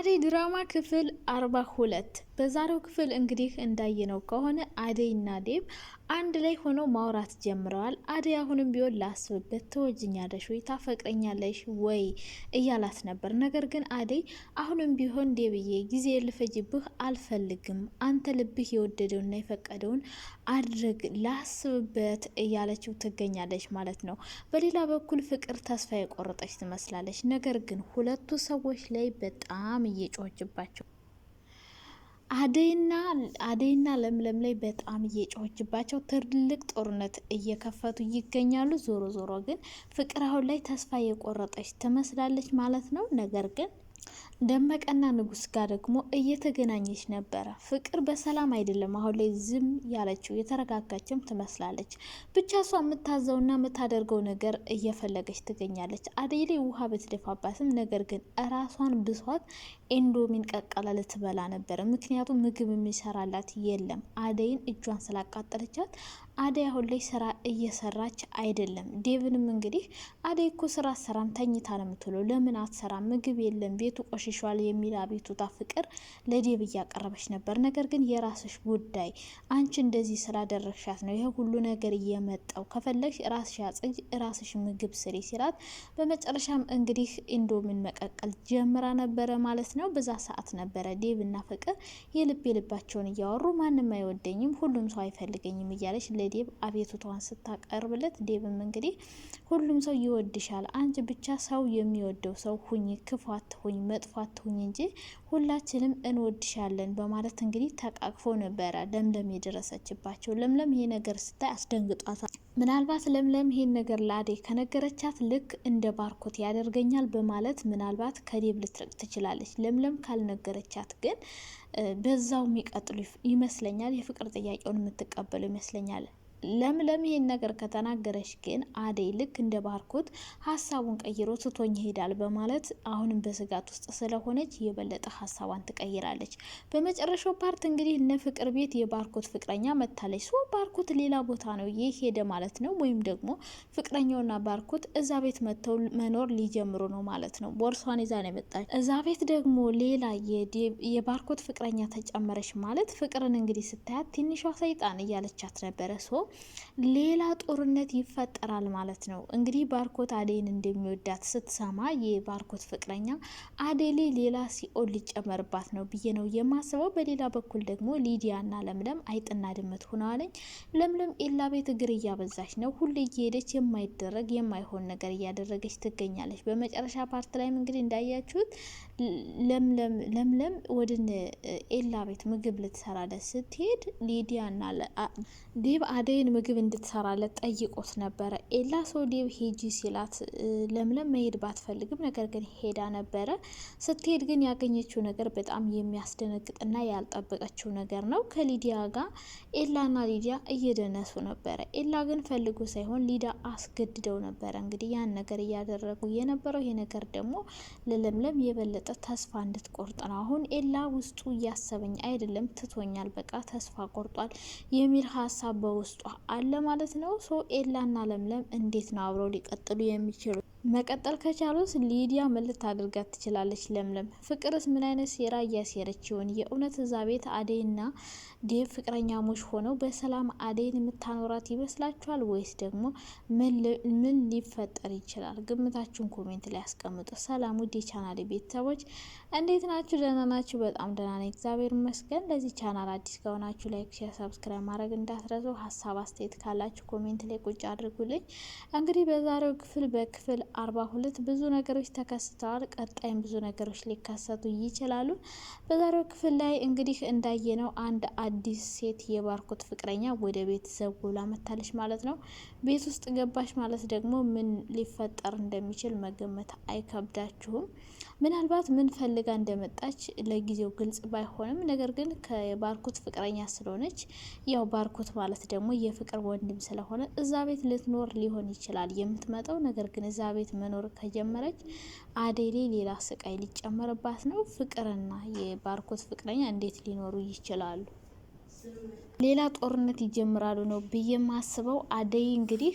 አደይ ድራማ ክፍል አርባ ሁለት በዛሬው ክፍል እንግዲህ እንዳየነው ከሆነ አደይና ዴብ አንድ ላይ ሆነው ማውራት ጀምረዋል። አደይ አሁንም ቢሆን ላስብበት፣ ትወጅኛለሽ ወይ ታፈቅረኛለሽ ወይ እያላት ነበር። ነገር ግን አደይ አሁንም ቢሆን ዴብዬ ጊዜ ልፈጅብህ አልፈልግም፣ አንተ ልብህ የወደደውንና የፈቀደውን አድርግ፣ ላስብበት እያለችው ትገኛለች ማለት ነው። በሌላ በኩል ፍቅር ተስፋ የቆረጠች ትመስላለች። ነገር ግን ሁለቱ ሰዎች ላይ በጣም እየጮኸችባቸው አደይና አደይና ለምለም ላይ በጣም እየጮኸችባቸው ትልቅ ጦርነት እየከፈቱ ይገኛሉ። ዞሮ ዞሮ ግን ፍቅር አሁን ላይ ተስፋ የቆረጠች ትመስላለች ማለት ነው ነገር ግን ደመቀና ንጉስ ጋር ደግሞ እየተገናኘች ነበረ። ፍቅር በሰላም አይደለም አሁን ላይ ዝም ያለችው፣ የተረጋጋችም ትመስላለች። ብቻ እሷ የምታዘውና የምታደርገው ነገር እየፈለገች ትገኛለች። አደይ ላይ ውሃ ብትደፋባትም ነገር ግን እራሷን ብሷት ኤንዶሚን ቀቀላ ልትበላ ነበረ። ምክንያቱም ምግብ የሚሰራላት የለም አደይን እጇን ስላቃጠለቻት አደይ አሁን ላይ ስራ እየሰራች አይደለም። ዴቭንም እንግዲህ አደይ እኮ ስራ ሰራም ተኝታ ነው የምትውለው፣ ለምን አትሰራ? ምግብ የለም ቤቱ ቆሽሿል የሚል አቤቱታ ፍቅር ለዴቭ እያቀረበች ነበር። ነገር ግን የራስሽ ጉዳይ አንቺ እንደዚህ ስላደረግሻት ነው ይሄ ሁሉ ነገር እየመጣው፣ ከፈለግሽ ራስሽ አጽጅ፣ ራስሽ ምግብ ስሪ ሲላት፣ በመጨረሻም እንግዲህ ኢንዶሚን መቀቀል ጀምራ ነበረ ማለት ነው። በዛ ሰዓት ነበረ ዴቭና ፍቅር የልብ የልባቸውን እያወሩ ማንም አይወደኝም፣ ሁሉም ሰው አይፈልገኝም እያለች ለዴብ አቤቱታዋን ስታቀርብለት ዴብም እንግዲህ ሁሉም ሰው ይወድሻል፣ አንቺ ብቻ ሰው የሚወደው ሰው ሁኝ፣ ክፉ አትሁኝ፣ መጥፎ አትሁኝ እንጂ ሁላችንም እንወድሻለን በማለት እንግዲህ ተቃቅፎ ነበረ ለምለም የደረሰችባቸው። ለምለም ይሄ ነገር ስታይ አስደንግጧታል። ምናልባት ለምለም ይሄን ነገር ለአዴ ከነገረቻት ልክ እንደ ባርኮት ያደርገኛል በማለት ምናልባት ከዴብ ልትርቅ ትችላለች። ለምለም ካልነገረቻት ግን በዛው የሚቀጥሉ ይመስለኛል። የፍቅር ጥያቄውን የምትቀበሉ ይመስለኛል። ለምለም ይህን ነገር ከተናገረች ግን አደይ ልክ እንደ ባርኮት ሀሳቡን ቀይሮ ትቶኝ ይሄዳል በማለት አሁንም በስጋት ውስጥ ስለሆነች የበለጠ ሀሳቧን ትቀይራለች። በመጨረሻው ፓርት እንግዲህ እነ ፍቅር ቤት የባርኮት ፍቅረኛ መታለች። ሶ ባርኮት ሌላ ቦታ ነው የሄደ ማለት ነው። ወይም ደግሞ ፍቅረኛውና ባርኮት እዛ ቤት መጥተው መኖር ሊጀምሩ ነው ማለት ነው። ቦርሷን ይዛ ነው የመጣች። እዛ ቤት ደግሞ ሌላ የባርኮት ፍቅረኛ ተጨመረች ማለት ፍቅርን እንግዲህ ስታያት ትንሿ ሰይጣን እያለቻት ነበረ ሶ ሌላ ጦርነት ይፈጠራል ማለት ነው። እንግዲህ ባርኮት አዴን እንደሚወዳት ስትሰማ የባርኮት ፍቅረኛ አዴሌ ሌላ ሲኦል ሊጨመርባት ነው ብዬ ነው የማስበው። በሌላ በኩል ደግሞ ሊዲያና ለምለም አይጥና ድመት ሆነዋለኝ። ለምለም ኤላ ቤት እግር እያበዛች ነው። ሁሌ እየሄደች የማይደረግ የማይሆን ነገር እያደረገች ትገኛለች። በመጨረሻ ፓርት ላይም እንግዲህ እንዳያችሁት ለምለም ወደነ ኤላ ቤት ምግብ ልትሰራለት ስትሄድ ና ዴብ አደይን ምግብ እንድትሰራለት ጠይቆት ነበረ። ኤላ ሰው ዴብ ሄጂ ሲላት ለምለም መሄድ ባትፈልግም ነገር ግን ሄዳ ነበረ። ስትሄድ ግን ያገኘችው ነገር በጣም የሚያስደነግጥና ያልጠበቀችው ነገር ነው። ከሊዲያ ጋር ኤላና ሊዲያ እየደነሱ ነበረ። ኤላ ግን ፈልጉ ሳይሆን ሊዳ አስገድደው ነበረ። እንግዲህ ያን ነገር እያደረጉ የነበረው ይሄ ነገር ደግሞ ለለምለም የበለጠ ተስፋ እንድትቆርጥ ነው። አሁን ኤላ ውስጡ እያሰበኝ አይደለም፣ ትቶኛል፣ በቃ ተስፋ ቆርጧል የሚል ሀሳብ በውስጧ አለ ማለት ነው። ሶ ኤላና ለምለም እንዴት ነው አብረው ሊቀጥሉ የሚችሉ? መቀጠል ከቻሉስ ሊዲያ ምን ልታደርጋት ትችላለች? ለምለም ፍቅርስ ምን አይነት ሴራ እያሴረች ይሆን? የእውነት እዛ ቤት አደይና ዴቭ ፍቅረኛሞች ሆነው በሰላም አደይን የምታኖራት ይመስላችኋል? ወይስ ደግሞ ምን ሊፈጠር ይችላል? ግምታችሁን ኮሜንት ላይ ያስቀምጡ። ሰላም ውድ የቻናል ቤተሰቦች እንዴት ናችሁ? ደህና ናችሁ? በጣም ደህና ነኝ እግዚአብሔር ይመስገን። ለዚህ ቻናል አዲስ ከሆናችሁ ላይክ፣ ሼር፣ ሰብስክራይብ ማድረግ እንዳትረሱ። ሀሳብ አስተያየት ካላችሁ ኮሜንት ላይ ቁጭ አድርጉልኝ። እንግዲህ በዛሬው ክፍል በክፍል አርባ ሁለት ብዙ ነገሮች ተከስተዋል። ቀጣይም ብዙ ነገሮች ሊከሰቱ ይችላሉ። በዛሬው ክፍል ላይ እንግዲህ እንዳየነው አንድ አዲስ ሴት የባርኮት ፍቅረኛ ወደ ቤት ጎላ መታለች ማለት ነው። ቤት ውስጥ ገባች ማለት ደግሞ ምን ሊፈጠር እንደሚችል መገመት አይከብዳችሁም። ምናልባት ምን ፈልጋ እንደመጣች ለጊዜው ግልጽ ባይሆንም፣ ነገር ግን ከባርኮት ፍቅረኛ ስለሆነች ያው ባርኮት ማለት ደግሞ የፍቅር ወንድም ስለሆነ እዛ ቤት ልትኖር ሊሆን ይችላል የምትመጣው ነገር ግን እዛ ቤት ቤት መኖር ከጀመረች አደሌ ሌላ ስቃይ ሊጨመርባት ነው። ፍቅርና የባርኮት ፍቅረኛ እንዴት ሊኖሩ ይችላሉ? ሌላ ጦርነት ይጀምራሉ ነው ብዬ የማስበው። አደይ እንግዲህ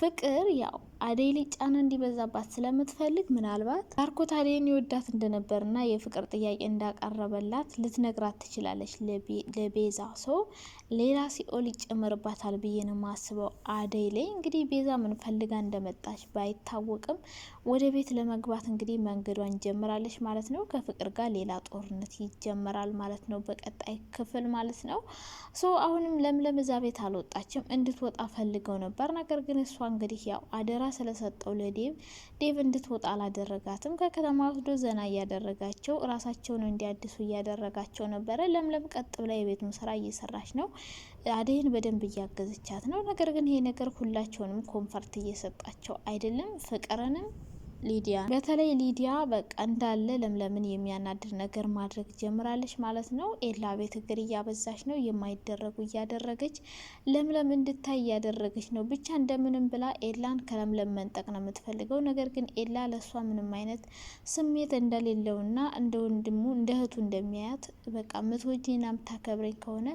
ፍቅር ያው አደይ ላይ ጫና እንዲበዛባት ስለምትፈልግ ምናልባት ባርኮት አደይን ይወዳት እንደነበርና የፍቅር ጥያቄ እንዳቀረበላት ልትነግራት ትችላለች። ለቤዛ ሰው ሌላ ሲኦል ይጨመርባታል ብዬ ነው የማስበው። አደይ ላይ እንግዲህ ቤዛ ምን ፈልጋ እንደመጣች ባይታወቅም ወደ ቤት ለመግባት እንግዲህ መንገዷን ጀምራለች ማለት ነው። ከፍቅር ጋር ሌላ ጦርነት ይጀመራል ማለት ነው፣ በቀጣይ ክፍል ማለት ነው። አሁንም ለምለም እዛ ቤት አልወጣችም። እንድትወጣ ፈልገው ነበር። ነገር ግን እሷ እንግዲህ ያው አደራ ስለሰጠው ለዴቭ ዴቭ እንድትወጣ አላደረጋትም። ከከተማ ወስዶ ዘና እያደረጋቸው ራሳቸውን እንዲያድሱ እያደረጋቸው ነበረ። ለምለም ቀጥ ብላ የቤቱን ስራ እየሰራች ነው። አደይን በደንብ እያገዘቻት ነው። ነገር ግን ይሄ ነገር ሁላቸውንም ኮንፈርት እየሰጣቸው አይደለም ፍቅርንም ሊዲያ በተለይ ሊዲያ በቃ እንዳለ ለምለምን የሚያናድር ነገር ማድረግ ጀምራለች ማለት ነው። ኤላ ቤት እግር እያበዛች ነው፣ የማይደረጉ እያደረገች ለምለም እንድታይ እያደረገች ነው። ብቻ እንደምንም ብላ ኤላን ከለምለም መንጠቅ ነው የምትፈልገው። ነገር ግን ኤላ ለእሷ ምንም አይነት ስሜት እንደሌለውና እንደ ወንድሙ እንደ እህቱ እንደሚያያት በቃ ምትወጂና ምታከብረኝ ከሆነ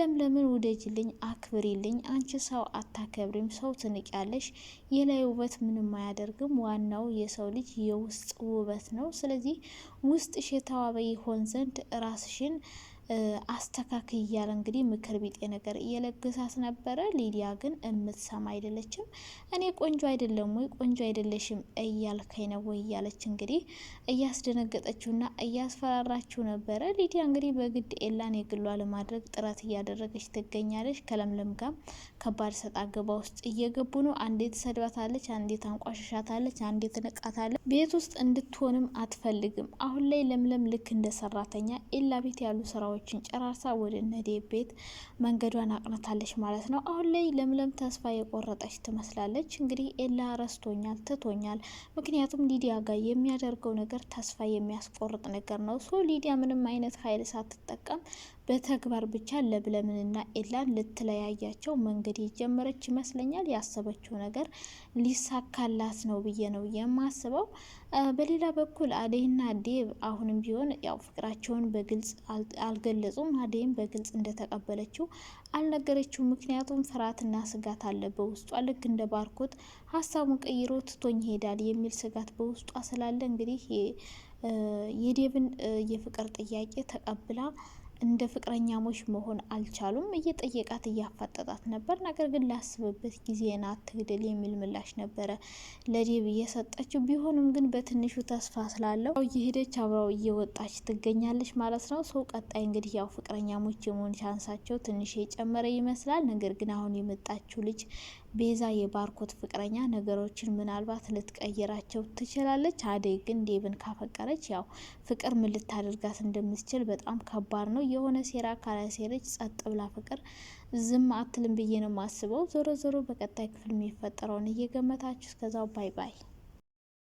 ለምለምን ውደጅልኝ፣ አክብሪልኝ። አንቺ ሰው አታከብሪም፣ ሰው ትንቂያለሽ፣ የላይ ውበት ምንም አያደርግም ዋናው የሰው ልጅ የውስጥ ውበት ነው። ስለዚህ ውስጥሽ የተዋበ ይሆን ዘንድ ራስሽን አስተካክ እያለ እንግዲህ ምክር ቢጤ ነገር እየለገሳት ነበረ። ሊዲያ ግን እምትሰማ አይደለችም። እኔ ቆንጆ አይደለም ወይ ቆንጆ አይደለሽም እያልከኝ ነው ወይ እያለች እንግዲህ እያስደነገጠችውና እያስፈራራችው ነበረ። ሊዲያ እንግዲህ በግድ ኤላን የግሏ ለማድረግ ጥረት እያደረገች ትገኛለች። ከለምለም ጋር ከባድ ሰጣ ገባ ውስጥ እየገቡ ነው። አንዴ ትሰድባታለች፣ አንዴ ታንቋሸሻታለች፣ አንዴ ትንቃታለች። ቤት ውስጥ እንድትሆንም አትፈልግም። አሁን ላይ ለምለም ልክ እንደ ሰራተኛ ኤላ ቤት ያሉ ስራዎች ስራዎችን ጨራርሳ ወደ ነዴ ቤት መንገዷን አቅንታለች ማለት ነው። አሁን ላይ ለምለም ተስፋ የቆረጠች ትመስላለች። እንግዲህ ኤላ ረስቶኛል፣ ትቶኛል። ምክንያቱም ሊዲያ ጋር የሚያደርገው ነገር ተስፋ የሚያስቆርጥ ነገር ነው። ሶ ሊዲያ ምንም አይነት ኃይል ሳትጠቀም በተግባር ብቻ ለምለምንና ኤላን ልትለያያቸው መንገድ የጀመረች ይመስለኛል። ያሰበችው ነገር ሊሳካላት ነው ብዬ ነው የማስበው። በሌላ በኩል አደይና ዴብ አሁንም ቢሆን ያው ፍቅራቸውን በግልጽ አልገለጹም። አደይም በግልጽ እንደተቀበለችው አልነገረችው። ምክንያቱም ፍርሃትና ስጋት አለ በውስጧ። ልክ እንደ ባርኮት ሀሳቡን ቀይሮ ትቶኝ ይሄዳል የሚል ስጋት በውስጧ ስላለ እንግዲህ የዴብን የፍቅር ጥያቄ ተቀብላ እንደ ፍቅረኛሞች መሆን አልቻሉም። እየጠየቃት እያፋጠጣት ነበር። ነገር ግን ላስብበት ጊዜና ትግድል የሚል ምላሽ ነበረ ለዴብ እየሰጠችው። ቢሆንም ግን በትንሹ ተስፋ ስላለው እየሄደች አብራው እየወጣች ትገኛለች ማለት ነው። ሰው ቀጣይ እንግዲህ ያው ፍቅረኛሞች የመሆን ቻንሳቸው ትንሽ የጨመረ ይመስላል። ነገር ግን አሁን የመጣችው ልጅ ቤዛ የባርኮት ፍቅረኛ ነገሮችን ምናልባት ልትቀይራቸው ትችላለች። አደይ ግን ዴብን ካፈቀረች ያው ፍቅር ምን ልታደርጋት እንደምትችል በጣም ከባድ ነው። የሆነ ሴራ ካላሴረች ጸጥ ብላ ፍቅር ዝም አትልም ብዬ ነው የማስበው። ዞሮ ዞሮ በቀጣይ ክፍል የሚፈጠረውን እየገመታችሁ እስከዛው ባይ ባይ።